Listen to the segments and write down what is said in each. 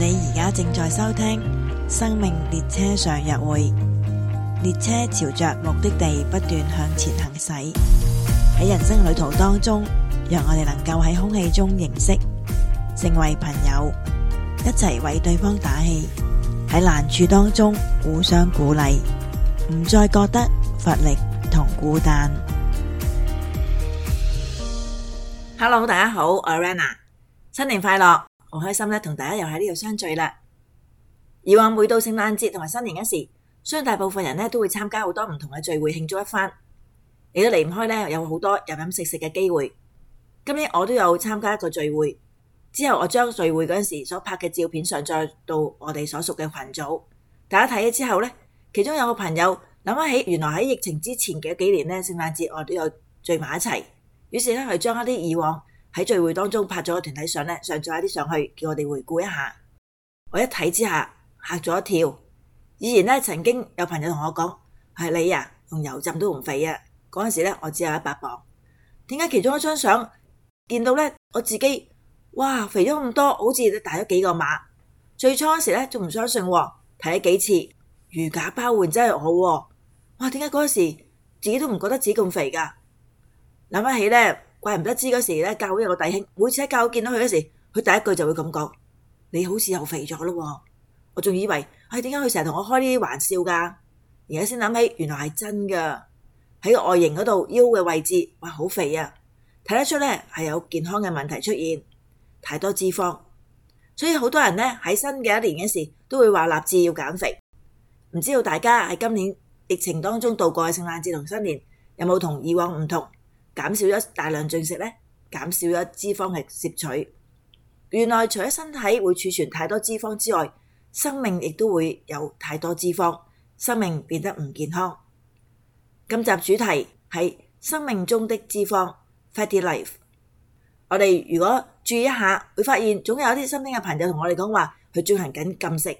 你而家正在收聽《生命列車上入會》，列車朝着目的地不斷向前行駛。喺人生旅途當中，讓我哋能夠喺空氣中認識，成為朋友，一齊為對方打氣。喺難處當中互相鼓勵，唔再覺得乏力同孤單。Hello，大家好，我係 Rana，新年快樂！好開心咧，同大家又喺呢度相聚啦！以往每到聖誕節同埋新年嗰時，相信大部分人咧都會參加好多唔同嘅聚會慶祝一番，亦都離唔開咧有好多飲飲食食嘅機會。今年我都有參加一個聚會，之後我將聚會嗰陣時所拍嘅照片上載到我哋所屬嘅群組，大家睇咗之後咧，其中有個朋友諗翻起原來喺疫情之前嘅幾年咧，聖誕節我都有聚埋一齊，於是咧佢將一啲以往。喺聚會當中拍咗個團體相咧，上載一啲上去，叫我哋回顧一下。我一睇之下，嚇咗一跳。以前咧，曾經有朋友同我講，係你啊，用油浸都唔肥啊。嗰陣時咧，我只有一百磅。點解其中一張相見到咧，我自己哇肥咗咁多，好似大咗幾個碼。最初嗰時咧，仲唔相信啊，睇咗幾次如假包換，真係我啊。哇，點解嗰陣時自己都唔覺得自己咁肥噶？諗得起咧。怪唔得知嗰時咧，教會有個弟兄，每次喺教會見到佢嗰時，佢第一句就會咁講：你好似又肥咗咯！我仲以為，哎，點解佢成日同我開呢啲玩笑噶？而家先諗起，原來係真噶。喺個外形嗰度，腰嘅位置，哇，好肥啊！睇得出咧，係有健康嘅問題出現，太多脂肪。所以好多人咧喺新嘅一年嘅時，都會話立志要減肥。唔知道大家喺今年疫情當中度過嘅聖誕節同新年，有冇同以往唔同？giảm (Fatty life 我哋如果注意一下，會發現總有啲新丁嘅朋友同我哋講話，佢進行緊禁食。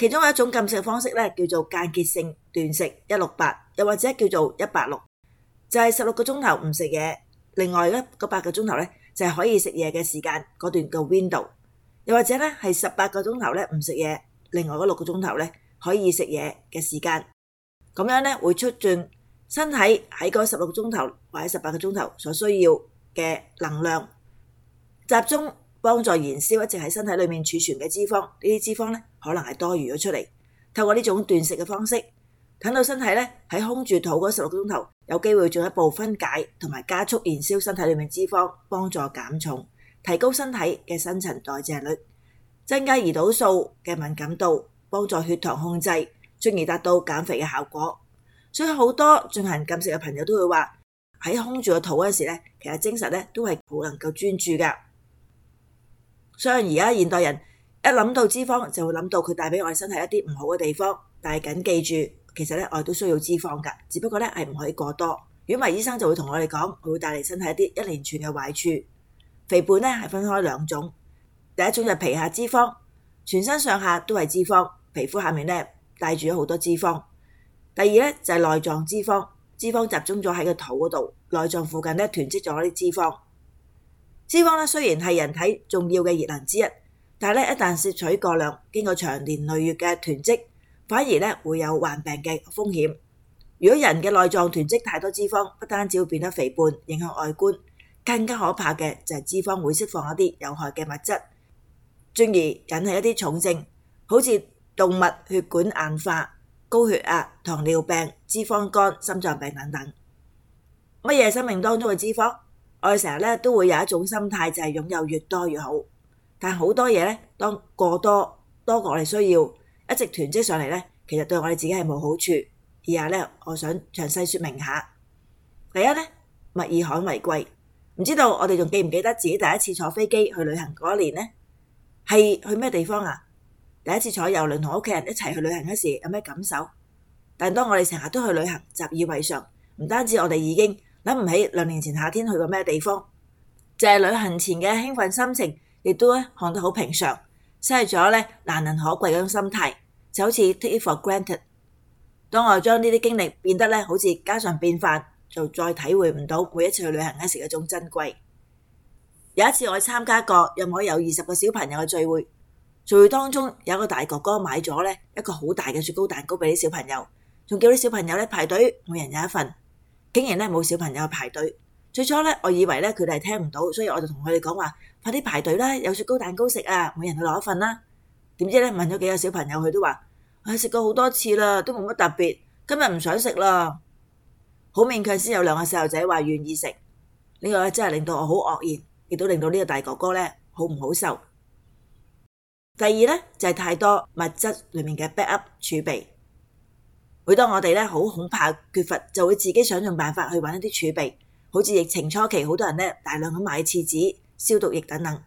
其中有一種禁食方式呢，叫做間歇性斷食168，又或者叫做186，就係十六個鐘頭唔食嘢，另外嗰八個鐘頭呢就係可以食嘢嘅時間嗰段嘅 window，又或者呢係十八個鐘頭呢唔食嘢，另外嗰六個鐘頭呢可以食嘢嘅時間，咁樣呢會促進身體喺嗰十六個鐘頭或者十八個鐘頭所需要嘅能量集中幫助燃燒一直喺身體裏面儲存嘅脂肪，呢啲脂肪咧可能係多餘咗出嚟。透過呢種斷食嘅方式，等到身體咧喺空住肚嗰十六個鐘頭，有機會進一步分解同埋加速燃燒身體裏面脂肪，幫助減重，提高身體嘅新陳代謝率，增加胰島素嘅敏感度，幫助血糖控制，進而達到減肥嘅效果。所以好多進行禁食嘅朋友都會話，喺空住個肚嗰時咧，其實精神咧都係好能夠專注噶。雖然而家現代人一諗到脂肪就會諗到佢帶俾我哋身體一啲唔好嘅地方，但係緊記住其實咧我哋都需要脂肪㗎，只不過咧係唔可以過多。如果唔係，醫生就會同我哋講，佢會帶嚟身體一啲一連串嘅壞處。肥胖咧係分開兩種，第一種就皮下脂肪，全身上下都係脂肪，皮膚下面咧帶住咗好多脂肪。第二咧就係、是、內臟脂肪，脂肪集中咗喺個肚嗰度，內臟附近咧囤積咗啲脂肪。脂肪咧雖然係人體重要嘅熱能之一，但係咧一旦攝取過量，經過長年累月嘅囤積，反而咧會有患病嘅風險。如果人嘅內臟囤積太多脂肪，不單只會變得肥胖，影響外觀，更加可怕嘅就係脂肪會釋放一啲有害嘅物質，進而引起一啲重症，好似動脈血管硬化、高血壓、糖尿病、脂肪肝、心臟病等等。乜嘢係生命當中嘅脂肪？我哋成日咧都會有一種心態，就係擁有越多越好。但好多嘢咧，當過多多過我哋需要，一直囤積上嚟咧，其實對我哋自己係冇好處。而下咧，我想詳細説明下。第一咧，物以罕為貴。唔知道我哋仲記唔記得自己第一次坐飛機去旅行嗰年咧，係去咩地方啊？第一次坐遊輪同屋企人一齊去旅行嗰時，有咩感受？但係當我哋成日都去旅行，習以為常，唔單止我哋已經諗唔起兩年前夏天去過咩地方，就係旅行前嘅興奮心情，亦都咧看得好平常，失去咗咧難能可貴嗰種心態，就好似 take it for granted。當我將呢啲經歷變得咧好似家常便飯，就再體會唔到每一次去旅行嗰時嗰種珍貴。有一次我參加過一個約有二十個小朋友嘅聚會，聚會當中有個大哥哥買咗咧一個好大嘅雪糕蛋糕俾啲小朋友，仲叫啲小朋友咧排隊，每人有一份。竟然咧冇小朋友排隊，最初咧我以為咧佢哋係聽唔到，所以我就同佢哋講話快啲排隊啦，有雪糕蛋糕食啊，每人去攞一份啦。點知咧問咗幾個小朋友，佢都話：唉，食、哎、過好多次啦，都冇乜特別，今日唔想食啦。好勉強先有兩個細路仔話願意食，呢、這個真係令到我好愕然，亦都令到呢個大哥哥咧好唔好受。第二咧就係、是、太多物質裏面嘅 backup 儲備。每當我哋咧好恐怕缺乏，就會自己想盡辦法去揾一啲儲備。好似疫情初期，好多人咧大量咁買廁紙、消毒液等等。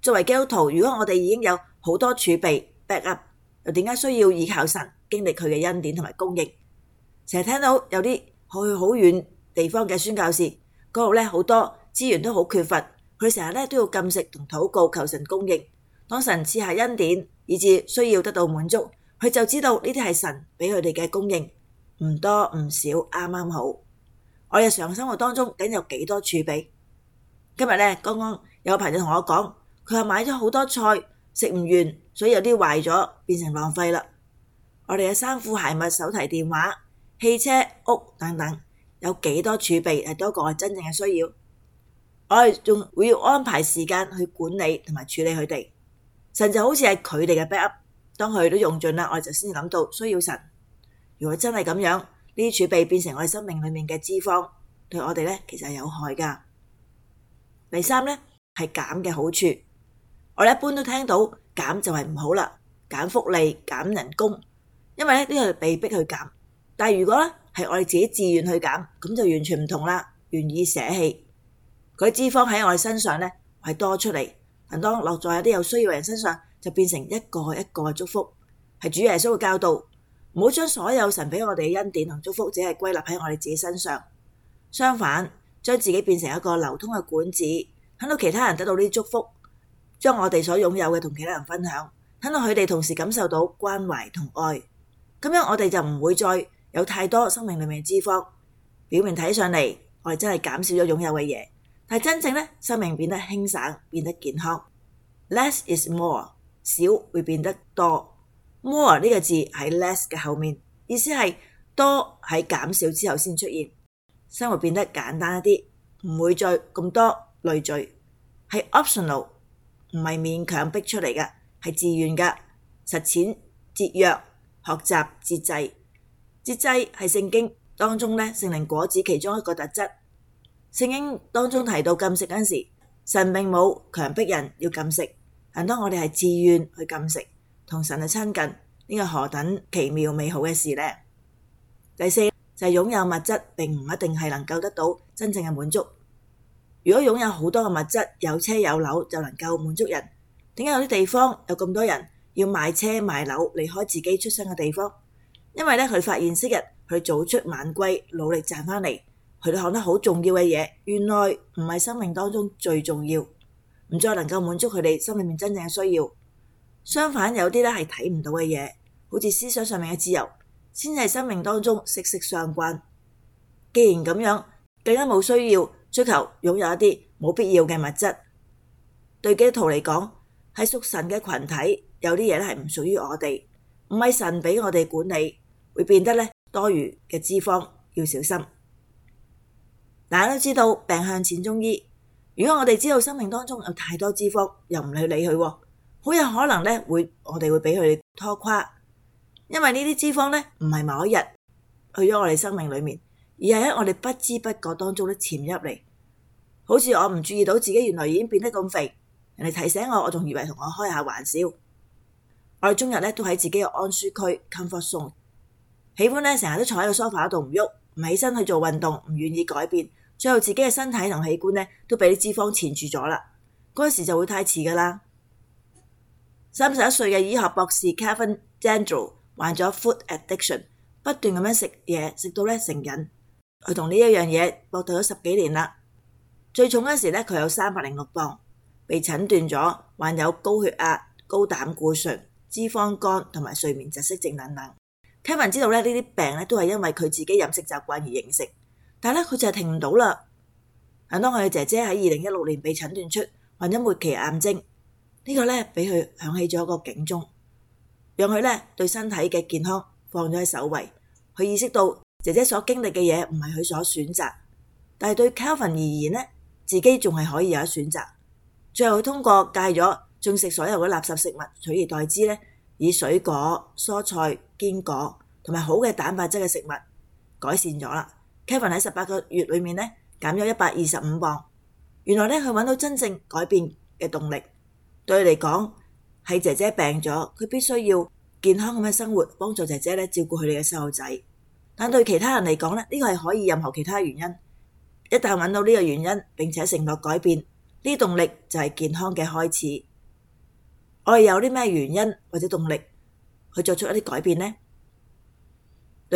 作為基督徒，如果我哋已經有好多儲備 backup，又點解需要倚靠神經歷佢嘅恩典同埋供應？成日聽到有啲去好遠地方嘅宣教士，嗰度咧好多資源都好缺乏，佢成日咧都要禁食同禱告求神供應。當神賜下恩典，以至需要得到滿足。佢就知道呢啲係神俾佢哋嘅供應，唔多唔少，啱啱好。我日常生活當中，究竟有幾多儲備？今日呢，剛剛有朋友同我講，佢話買咗好多菜，食唔完，所以有啲壞咗，變成浪費啦。我哋嘅衫褲、鞋襪、手提電話、汽車、屋等等，有幾多儲備係多過我真正嘅需要？我哋仲會要安排時間去管理同埋處理佢哋。神就好似係佢哋嘅 backup。當佢都用盡啦，我哋就先至諗到需要神。如果真係咁樣，呢啲儲備變成我哋生命裏面嘅脂肪，對我哋咧其實係有害噶。第三咧係減嘅好處，我哋一般都聽到減就係唔好啦，減福利、減人工，因為咧呢個係被逼去減。但係如果咧係我哋自己自願去減，咁就完全唔同啦，願意捨棄。佢脂肪喺我哋身上咧係多出嚟，但當落在有啲有需要嘅人身上。就變成一個一個嘅祝福，係主耶穌嘅教導，唔好將所有神俾我哋嘅恩典同祝福，只係歸納喺我哋自己身上。相反，將自己變成一個流通嘅管子，等到其他人得到呢啲祝福，將我哋所擁有嘅同其他人分享，等到佢哋同時感受到關懷同愛。咁樣我哋就唔會再有太多生命裏面嘅脂肪。表面睇上嚟，我哋真係減少咗擁有嘅嘢，但係真正咧，生命變得輕省，變得健康。Less is more。少會變得多，More 呢個字喺 less 嘅後面，意思係多喺減少之後先出現。生活變得簡單一啲，唔會再咁多累贅，係 optional，唔係勉強逼出嚟嘅，係自願嘅，實踐節約、學習節制，節制係聖經當中呢聖靈果子其中一個特質，聖經當中提到禁食嗰陣時，神並冇強迫人要禁食。但當我哋係自願去禁食，同神去親近，呢、這個何等奇妙美好嘅事呢？第四就係、是、擁有物質，並唔一定係能夠得到真正嘅滿足。如果擁有好多嘅物質，有車有樓就能夠滿足人，點解有啲地方有咁多人要買車買樓離開自己出生嘅地方？因為咧，佢發現昔日，佢早出晚歸，努力賺翻嚟，佢都學得好重要嘅嘢，原來唔係生命當中最重要。唔再能夠滿足佢哋心裏面真正嘅需要，相反有啲咧係睇唔到嘅嘢，好似思想上面嘅自由，先係生命當中息息相關。既然咁樣，更加冇需要追求擁有一啲冇必要嘅物質。對基督徒嚟講，喺屬神嘅群體，有啲嘢咧係唔屬於我哋，唔係神俾我哋管理，會變得咧多餘嘅脂肪，要小心。大家都知道，病向淺中醫。如果我哋知道生命當中有太多脂肪，又唔去理佢，好有可能咧，會我哋會俾佢拖垮。因為呢啲脂肪咧，唔係某一日去咗我哋生命裏面，而係喺我哋不知不覺當中咧潛入嚟。好似我唔注意到自己原來已經變得咁肥，人哋提醒我，我仲以為同我開下玩笑。我哋終日咧都喺自己嘅安舒區 comfort zone，喜歡咧成日都坐喺個 sofa 度唔喐，唔起身去做運動，唔願意改變。最後自己嘅身體同器官呢，都俾啲脂肪纏住咗啦，嗰時就會太遲噶啦。三十一歲嘅醫學博士 Kevin Dandrel 患咗 food addiction，不斷咁樣食嘢，食到呢成癮。佢同呢一樣嘢搏鬥咗十幾年啦。最重嗰時呢，佢有三百零六磅，被診斷咗患有高血壓、高膽固醇、脂肪肝同埋睡眠窒息症等等。Kevin 知道咧呢啲病咧都係因為佢自己飲食習慣而形成。但係咧，佢就係停唔到啦。但係當佢嘅姐姐喺二零一六年被診斷出患咗末期癌症，呢、這個咧俾佢響起咗一個警鐘，讓佢咧對身體嘅健康放咗喺首位。佢意識到姐姐所經歷嘅嘢唔係佢所選擇，但係對 Calvin 而言咧，自己仲係可以有得選擇。最後佢通過戒咗進食所有嘅垃圾食物，取而代之咧以水果、蔬菜、堅果同埋好嘅蛋白質嘅食物改善咗啦。Kevin 喺十八個月裏面咧減咗一百二十五磅，原來咧佢揾到真正改變嘅動力。對佢嚟講，係姐姐病咗，佢必須要健康咁樣生活，幫助姐姐咧照顧佢哋嘅細路仔。但對其他人嚟講咧，呢個係可以任何其他原因。一旦揾到呢個原因，並且承諾改變，呢動力就係健康嘅開始。我哋有啲咩原因或者動力去作出一啲改變咧？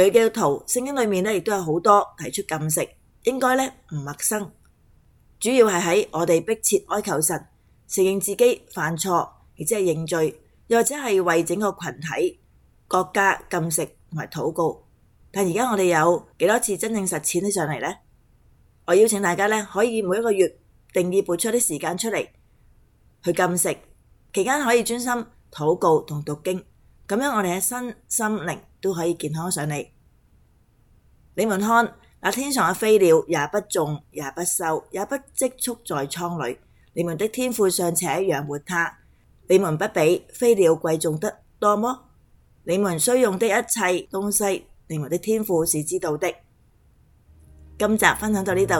佢嘅圖聖經裏面呢，亦都有好多提出禁食，應該呢唔陌生。主要係喺我哋迫切哀求神，承認自己犯錯，亦即係認罪，又或者係為整個群體、國家禁食同埋禱告。但而家我哋有幾多次真正實踐得上嚟呢？我邀請大家呢，可以每一個月定義撥出啲時間出嚟去禁食，期間可以專心禱告同讀經。咁樣我哋嘅身心靈都可以健康上嚟。你們看，那天上嘅飛鳥也不種也不收，也不積蓄在倉裏。你們的天父尚且養活它，你們不比飛鳥貴重得多麼？你們需用的一切東西，你們的天父是知道的。今集分享到呢度，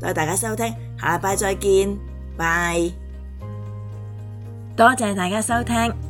多謝大家收聽，下拜再見，拜，多謝大家收聽。